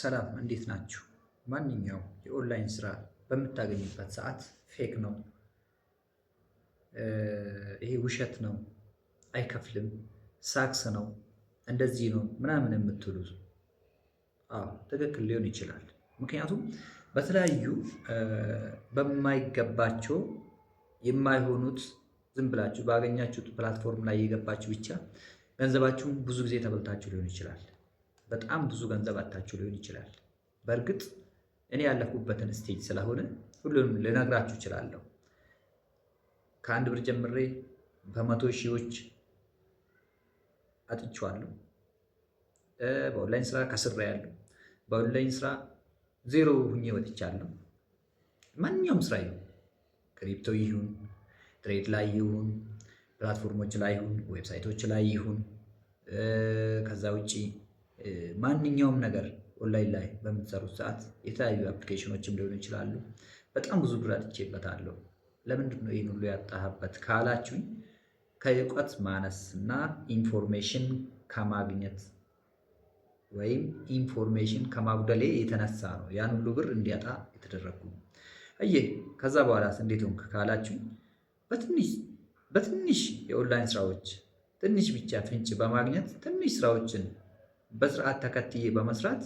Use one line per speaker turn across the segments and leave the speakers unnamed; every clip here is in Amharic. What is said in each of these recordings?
ሰላም እንዴት ናችሁ? ማንኛው የኦንላይን ስራ በምታገኝበት ሰዓት ፌክ ነው፣ ይሄ ውሸት ነው፣ አይከፍልም፣ ሳክስ ነው፣ እንደዚህ ነው ምናምን የምትሉ አዎ፣ ትክክል ሊሆን ይችላል። ምክንያቱም በተለያዩ በማይገባቸው የማይሆኑት ዝም ብላችሁ ባገኛችሁት ፕላትፎርም ላይ የገባችሁ ብቻ ገንዘባችሁን ብዙ ጊዜ ተበልታችሁ ሊሆን ይችላል። በጣም ብዙ ገንዘብ አታችሁ ሊሆን ይችላል። በእርግጥ እኔ ያለፍኩበትን ስቴጅ ስለሆነ ሁሉንም ልነግራችሁ እችላለሁ። ከአንድ ብር ጀምሬ በመቶ ሺዎች አጥቼዋለሁ። በኦንላይን ስራ ከስሬያለሁ። በኦንላይን ስራ ዜሮ ሁኜ ወጥቻለሁ። ማንኛውም ስራ ይሁን ክሪፕቶ ይሁን ትሬድ ላይ ይሁን ፕላትፎርሞች ላይ ይሁን ዌብሳይቶች ላይ ይሁን ከዛ ውጪ ማንኛውም ነገር ኦንላይን ላይ በምትሰሩት ሰዓት የተለያዩ አፕሊኬሽኖችም ሊሆኑ ይችላሉ። በጣም ብዙ ብር አጥቼበታለሁ። ለምንድን ነው ይህን ሁሉ ያጣህበት ካላችሁኝ ከእውቀት ማነስ እና ኢንፎርሜሽን ከማግኘት ወይም ኢንፎርሜሽን ከማጉደሌ የተነሳ ነው ያን ሁሉ ብር እንዲያጣ የተደረግኩ። እየ ከዛ በኋላ እንዴት ሆንክ በትንሽ በትንሽ የኦንላይን ስራዎች ትንሽ ብቻ ፍንጭ በማግኘት ትንሽ ስራዎችን በስርዓት ተከትዬ በመስራት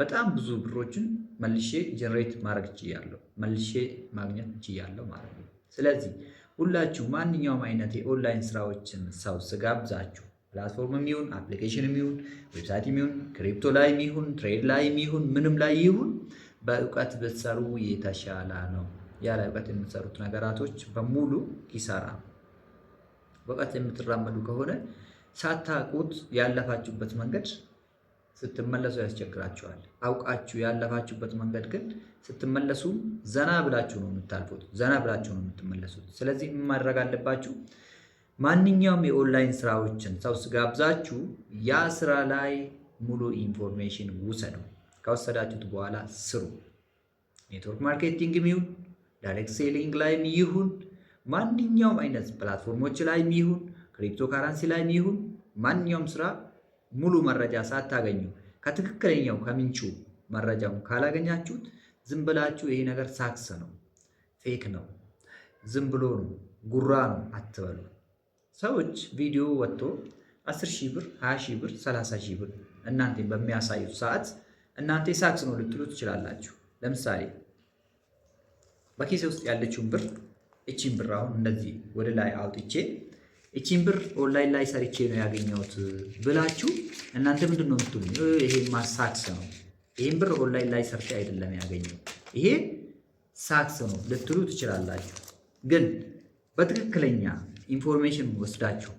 በጣም ብዙ ብሮችን መልሼ ጀነሬት ማድረግ ችያለሁ፣ መልሼ ማግኘት ችያለሁ ማለት ነው። ስለዚህ ሁላችሁ ማንኛውም አይነት የኦንላይን ስራዎችን ሰው ስጋብዛችሁ ፕላትፎርም ይሁን አፕሊኬሽን ይሁን ዌብሳይት ይሁን ክሪፕቶ ላይ ይሁን ትሬድ ላይ ይሁን ምንም ላይ ይሁን በእውቀት ብትሰሩ የተሻለ ነው። ያለ እውቀት የምትሰሩት ነገራቶች በሙሉ ኪሳራ በእውቀት የምትራመዱ ከሆነ ሳታውቁት ያለፋችሁበት መንገድ ስትመለሱ ያስቸግራችኋል። አውቃችሁ ያለፋችሁበት መንገድ ግን ስትመለሱ ዘና ብላችሁ ነው የምታልፉት፣ ዘና ብላችሁ ነው የምትመለሱት። ስለዚህ ምን ማድረግ አለባችሁ? ማንኛውም የኦንላይን ስራዎችን ሰው ስጋብዛችሁ ያ ስራ ላይ ሙሉ ኢንፎርሜሽን ውሰዱ። ከወሰዳችሁት በኋላ ስሩ። ኔትወርክ ማርኬቲንግም ይሁን ዳይሬክት ሴሊንግ ላይም ይሁን ማንኛውም አይነት ፕላትፎርሞች ላይም ይሁን ክሪፕቶ ካረንሲ ላይም ይሁን ማንኛውም ስራ ሙሉ መረጃ ሳታገኙ ከትክክለኛው ከምንጩ መረጃውን ካላገኛችሁት ዝም ብላችሁ ይሄ ነገር ሳክስ ነው፣ ፌክ ነው፣ ዝም ብሎ ነው፣ ጉራ ነው አትበሉ። ሰዎች ቪዲዮ ወጥቶ 10 ሺህ ብር፣ 20 ሺህ ብር፣ 30 ሺህ ብር እናንተ በሚያሳዩት ሰዓት እናንተ ሳክስ ነው ልትሉ ትችላላችሁ። ለምሳሌ በኪሴ ውስጥ ያለችውን ብር እቺን ብር አሁን እንደዚህ ወደ ላይ አውጥቼ እቺን ብር ኦንላይን ላይ ሰርቼ ነው ያገኘሁት ብላችሁ እናንተ ምንድን ነው የምትሉኝ? ይሄ ማሳክስ ነው። ይህን ብር ኦንላይን ላይ ሰርቼ አይደለም ያገኘው ይሄ ሳክስ ነው ልትሉ ትችላላችሁ። ግን በትክክለኛ ኢንፎርሜሽን ወስዳችሁ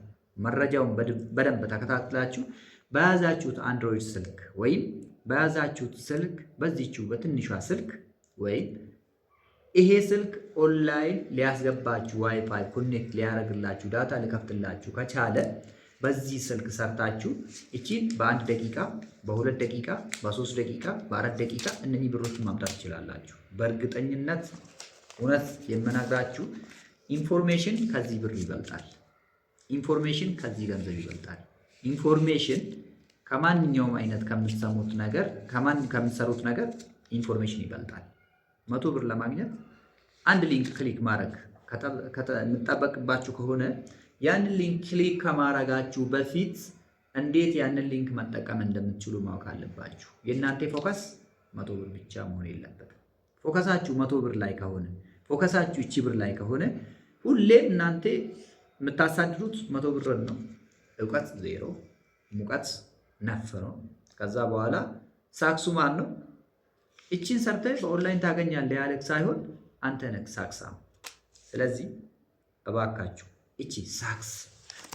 መረጃውን በደንብ ተከታትላችሁ በያዛችሁት አንድሮይድ ስልክ ወይም በያዛችሁት ስልክ በዚችው በትንሿ ስልክ ወይም ይሄ ስልክ ኦንላይን ሊያስገባችሁ ዋይፋይ ኮኔክት ሊያደርግላችሁ ዳታ ሊከፍትላችሁ ከቻለ በዚህ ስልክ ሰርታችሁ እቺን በአንድ ደቂቃ፣ በሁለት ደቂቃ፣ በሶስት ደቂቃ፣ በአራት ደቂቃ እነኚህ ብሮችን ማምጣት ትችላላችሁ። በእርግጠኝነት እውነት የምነግራችሁ ኢንፎርሜሽን ከዚህ ብር ይበልጣል። ኢንፎርሜሽን ከዚህ ገንዘብ ይበልጣል። ኢንፎርሜሽን ከማንኛውም አይነት ከምትሰሙት ነገር ከማን ከምትሰሩት ነገር ኢንፎርሜሽን ይበልጣል። መቶ ብር ለማግኘት አንድ ሊንክ ክሊክ ማድረግ የሚጠበቅባችሁ ከሆነ ያንን ሊንክ ክሊክ ከማድረጋችሁ በፊት እንዴት ያንን ሊንክ መጠቀም እንደምትችሉ ማወቅ አለባችሁ። የእናንተ ፎከስ መቶ ብር ብቻ መሆን የለበትም። ፎከሳችሁ መቶ ብር ላይ ከሆነ ፎከሳችሁ እቺ ብር ላይ ከሆነ ሁሌም እናንተ የምታሳድሩት መቶ ብርን ነው። እውቀት ዜሮ፣ ሙቀት ነፍ ነው። ከዛ በኋላ ሳክሱ ማን ነው? እቺን ሰርተህ በኦንላይን ታገኛለህ ያለህ ሳይሆን አንተ ነህ ሳክስ። ስለዚህ እባካችሁ እቺ ሳክስ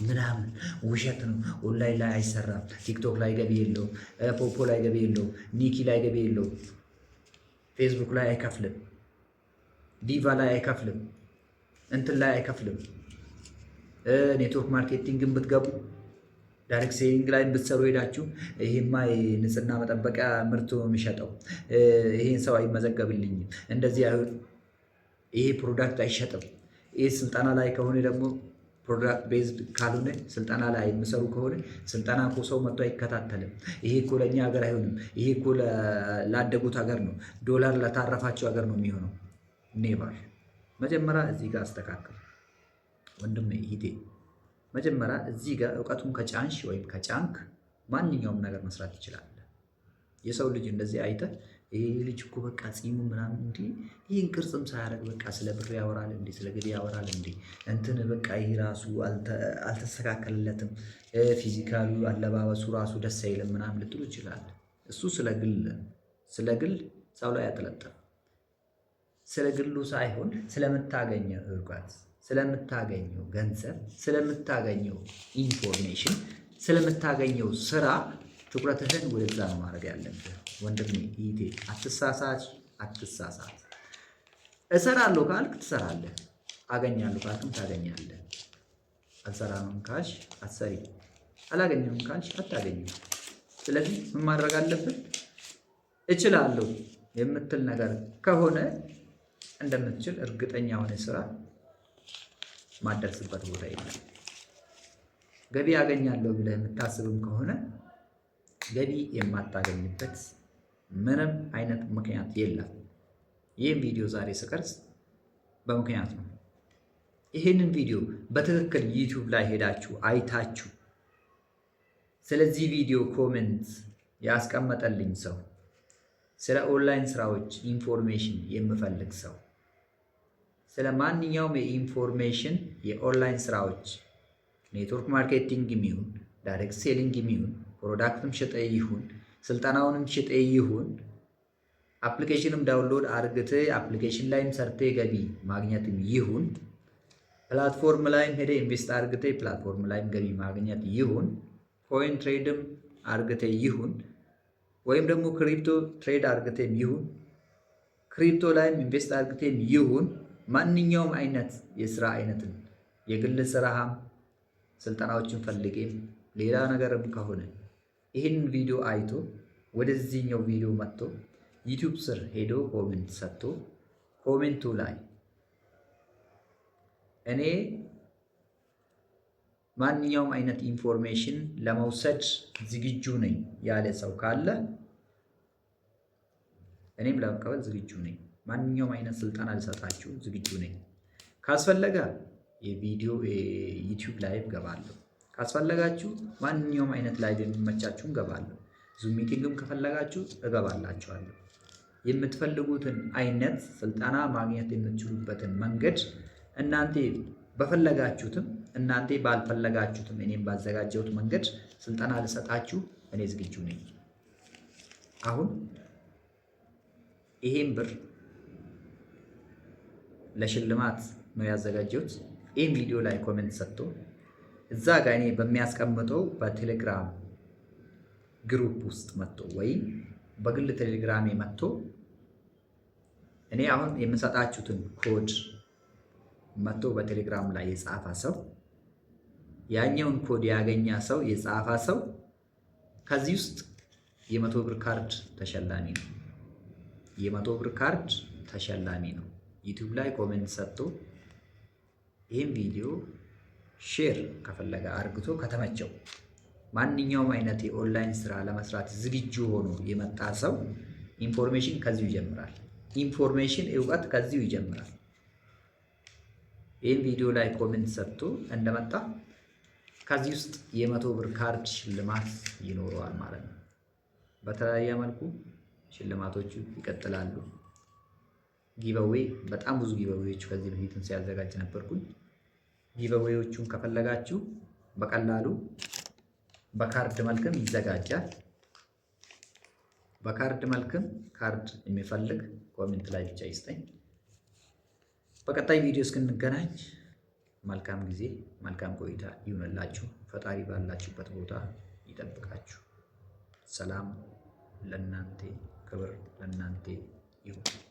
ምናምን ውሸት ነው፣ ኦንላይን ላይ አይሰራም፣ ቲክቶክ ላይ ገቢ የለውም፣ ፖፖ ላይ ገቢ የለውም፣ ኒኪ ላይ ገቢ የለውም፣ ፌስቡክ ላይ አይከፍልም፣ ዲቫ ላይ አይከፍልም፣ እንትን ላይ አይከፍልም። ኔትወርክ ማርኬቲንግን ብትገቡ ዳይሬክት ሴቪንግ ላይ ብትሰሩ ሄዳችሁ ይሄማ ንጽህና መጠበቂያ ምርቱ የሚሸጠው ይሄን ሰው አይመዘገብልኝም፣ እንደዚህ አይሆን፣ ይሄ ፕሮዳክት አይሸጥም፣ ይህ ስልጠና ላይ ከሆነ ደግሞ ፕሮዳክት ቤዝድ ካልሆነ ስልጠና ላይ የሚሰሩ ከሆነ ስልጠና እኮ ሰው መጥቶ አይከታተልም። ይሄ እኮ ለእኛ ሀገር አይሆንም፣ ይሄ እኮ ላደጉት ሀገር ነው፣ ዶላር ለታረፋቸው ሀገር ነው የሚሆነው። ኔቫር መጀመሪያ እዚህ ጋር አስተካከል ወንድም ሂቴ መጀመሪያ እዚህ ጋር እውቀቱን ከጫንሽ ወይም ከጫንክ ማንኛውም ነገር መስራት ይችላል። የሰው ልጅ እንደዚህ አይተህ ይህ ልጅ እኮ በቃ ጺሙ ምናምን እንዲ ይህን ቅርጽም ሳያደርግ በቃ ስለ ብር ያወራል እንዲ ስለ ግድ ያወራል እንዲ እንትን በቃ ይህ ራሱ አልተስተካከለለትም፣ ፊዚካሉ አለባበሱ ራሱ ደስ አይልም ምናምን ልትሉ ይችላል። እሱ ስለ ግል ስለ ግል ሰው ላይ ያጠለጠ ስለ ግሉ ሳይሆን ስለምታገኘ እርጓት ስለምታገኘው ገንዘብ፣ ስለምታገኘው ኢንፎርሜሽን፣ ስለምታገኘው ስራ ትኩረትህን ወደዛ ነው ማድረግ ያለብህ። ወንድሜ ይቴ አትሳሳች፣ አትሳሳት። እሰራለሁ ካልክ ትሰራለህ፣ አገኛለሁ ካልክም ታገኛለህ። አልሰራም ካልሽ አትሰሪ፣ አላገኘም ካልሽ አታገኝም። ስለዚህ ምን ማድረግ አለብን? እችላለሁ የምትል ነገር ከሆነ እንደምትችል እርግጠኛ ሆነ ስራ ማደርስበት ቦታ የለም። ገቢ ያገኛለሁ ብለህ የምታስብም ከሆነ ገቢ የማታገኝበት ምንም አይነት ምክንያት የለም። ይህም ቪዲዮ ዛሬ ስቀርጽ በምክንያት ነው። ይህንን ቪዲዮ በትክክል ዩቱብ ላይ ሄዳችሁ አይታችሁ ስለዚህ ቪዲዮ ኮሜንት ያስቀመጠልኝ ሰው ስለ ኦንላይን ስራዎች ኢንፎርሜሽን የምፈልግ ሰው ስለ ማንኛውም የኢንፎርሜሽን የኦንላይን ስራዎች ኔትወርክ ማርኬቲንግ የሚሆን ዳይሬክት ሴሊንግ የሚሆን ፕሮዳክትም ሸጠ ይሁን ስልጠናውንም ሸጠ ይሁን አፕሊኬሽንም ዳውንሎድ አርግተ አፕሊኬሽን ላይም ሰርተ ገቢ ማግኘትም ይሁን ፕላትፎርም ላይም ሄደ ኢንቨስት አርግተ ፕላትፎርም ላይም ገቢ ማግኘት ይሁን ኮይን ትሬድም አርግተ ይሁን ወይም ደግሞ ክሪፕቶ ትሬድ አርግተም ይሁን ክሪፕቶ ላይም ኢንቨስት አርግተም ይሁን ማንኛውም አይነት የስራ አይነትን የግል ስራህም ስልጠናዎችን ፈልጌም ሌላ ነገርም ከሆነ ይህን ቪዲዮ አይቶ ወደዚህኛው ቪዲዮ መጥቶ ዩቱብ ስር ሄዶ ኮሜንት ሰጥቶ ኮሜንቱ ላይ እኔ ማንኛውም አይነት ኢንፎርሜሽን ለመውሰድ ዝግጁ ነኝ ያለ ሰው ካለ እኔም ለመቀበል ዝግጁ ነኝ። ማንኛውም አይነት ስልጠና ልሰጣችሁ ዝግጁ ነኝ። ካስፈለገ የቪዲዮ ዩቲዩብ ላይቭ ገባለሁ። ካስፈለጋችሁ ማንኛውም አይነት ላይቭ የሚመቻችሁን ገባለሁ። ዙም ሚቲንግም ከፈለጋችሁ እገባላችኋለሁ። የምትፈልጉትን አይነት ስልጠና ማግኘት የምትችሉበትን መንገድ እናንተ በፈለጋችሁትም እናንተ ባልፈለጋችሁትም እኔም ባዘጋጀሁት መንገድ ስልጠና ልሰጣችሁ እኔ ዝግጁ ነኝ። አሁን ይሄን ብር ለሽልማት ነው ያዘጋጀሁት። ይህም ቪዲዮ ላይ ኮሜንት ሰጥቶ እዛ ጋ እኔ በሚያስቀምጠው በቴሌግራም ግሩፕ ውስጥ መጥቶ ወይም በግል ቴሌግራሜ መጥቶ እኔ አሁን የምሰጣችሁትን ኮድ መጥቶ በቴሌግራም ላይ የጻፈ ሰው ያኛውን ኮድ ያገኘ ሰው የጻፈ ሰው ከዚህ ውስጥ የመቶ ብር ካርድ ተሸላሚ ነው። የመቶ ብር ካርድ ተሸላሚ ነው። ዩቲዩብ ላይ ኮሜንት ሰጥቶ ይህም ቪዲዮ ሼር ከፈለገ አርግቶ ከተመቸው ማንኛውም አይነት የኦንላይን ስራ ለመስራት ዝግጁ ሆኖ የመጣ ሰው ኢንፎርሜሽን ከዚሁ ይጀምራል። ኢንፎርሜሽን እውቀት ከዚሁ ይጀምራል። ይህም ቪዲዮ ላይ ኮሜንት ሰጥቶ እንደመጣ ከዚህ ውስጥ የመቶ ብር ካርድ ሽልማት ይኖረዋል ማለት ነው። በተለያየ መልኩ ሽልማቶቹ ይቀጥላሉ። ጊቨዌይ በጣም ብዙ ጊቨዌዎች ከዚህ በፊትም ሲያዘጋጅ ነበርኩኝ። ጊቨዌዎቹን ከፈለጋችሁ በቀላሉ በካርድ መልክም ይዘጋጃል። በካርድ መልክም ካርድ የሚፈልግ ኮሜንት ላይ ብቻ ይስጠኝ። በቀጣይ ቪዲዮ እስክንገናኝ መልካም ጊዜ፣ መልካም ቆይታ ይሁንላችሁ። ፈጣሪ ባላችሁበት ቦታ ይጠብቃችሁ። ሰላም ለእናንተ፣ ክብር ለእናንተ ይሁን።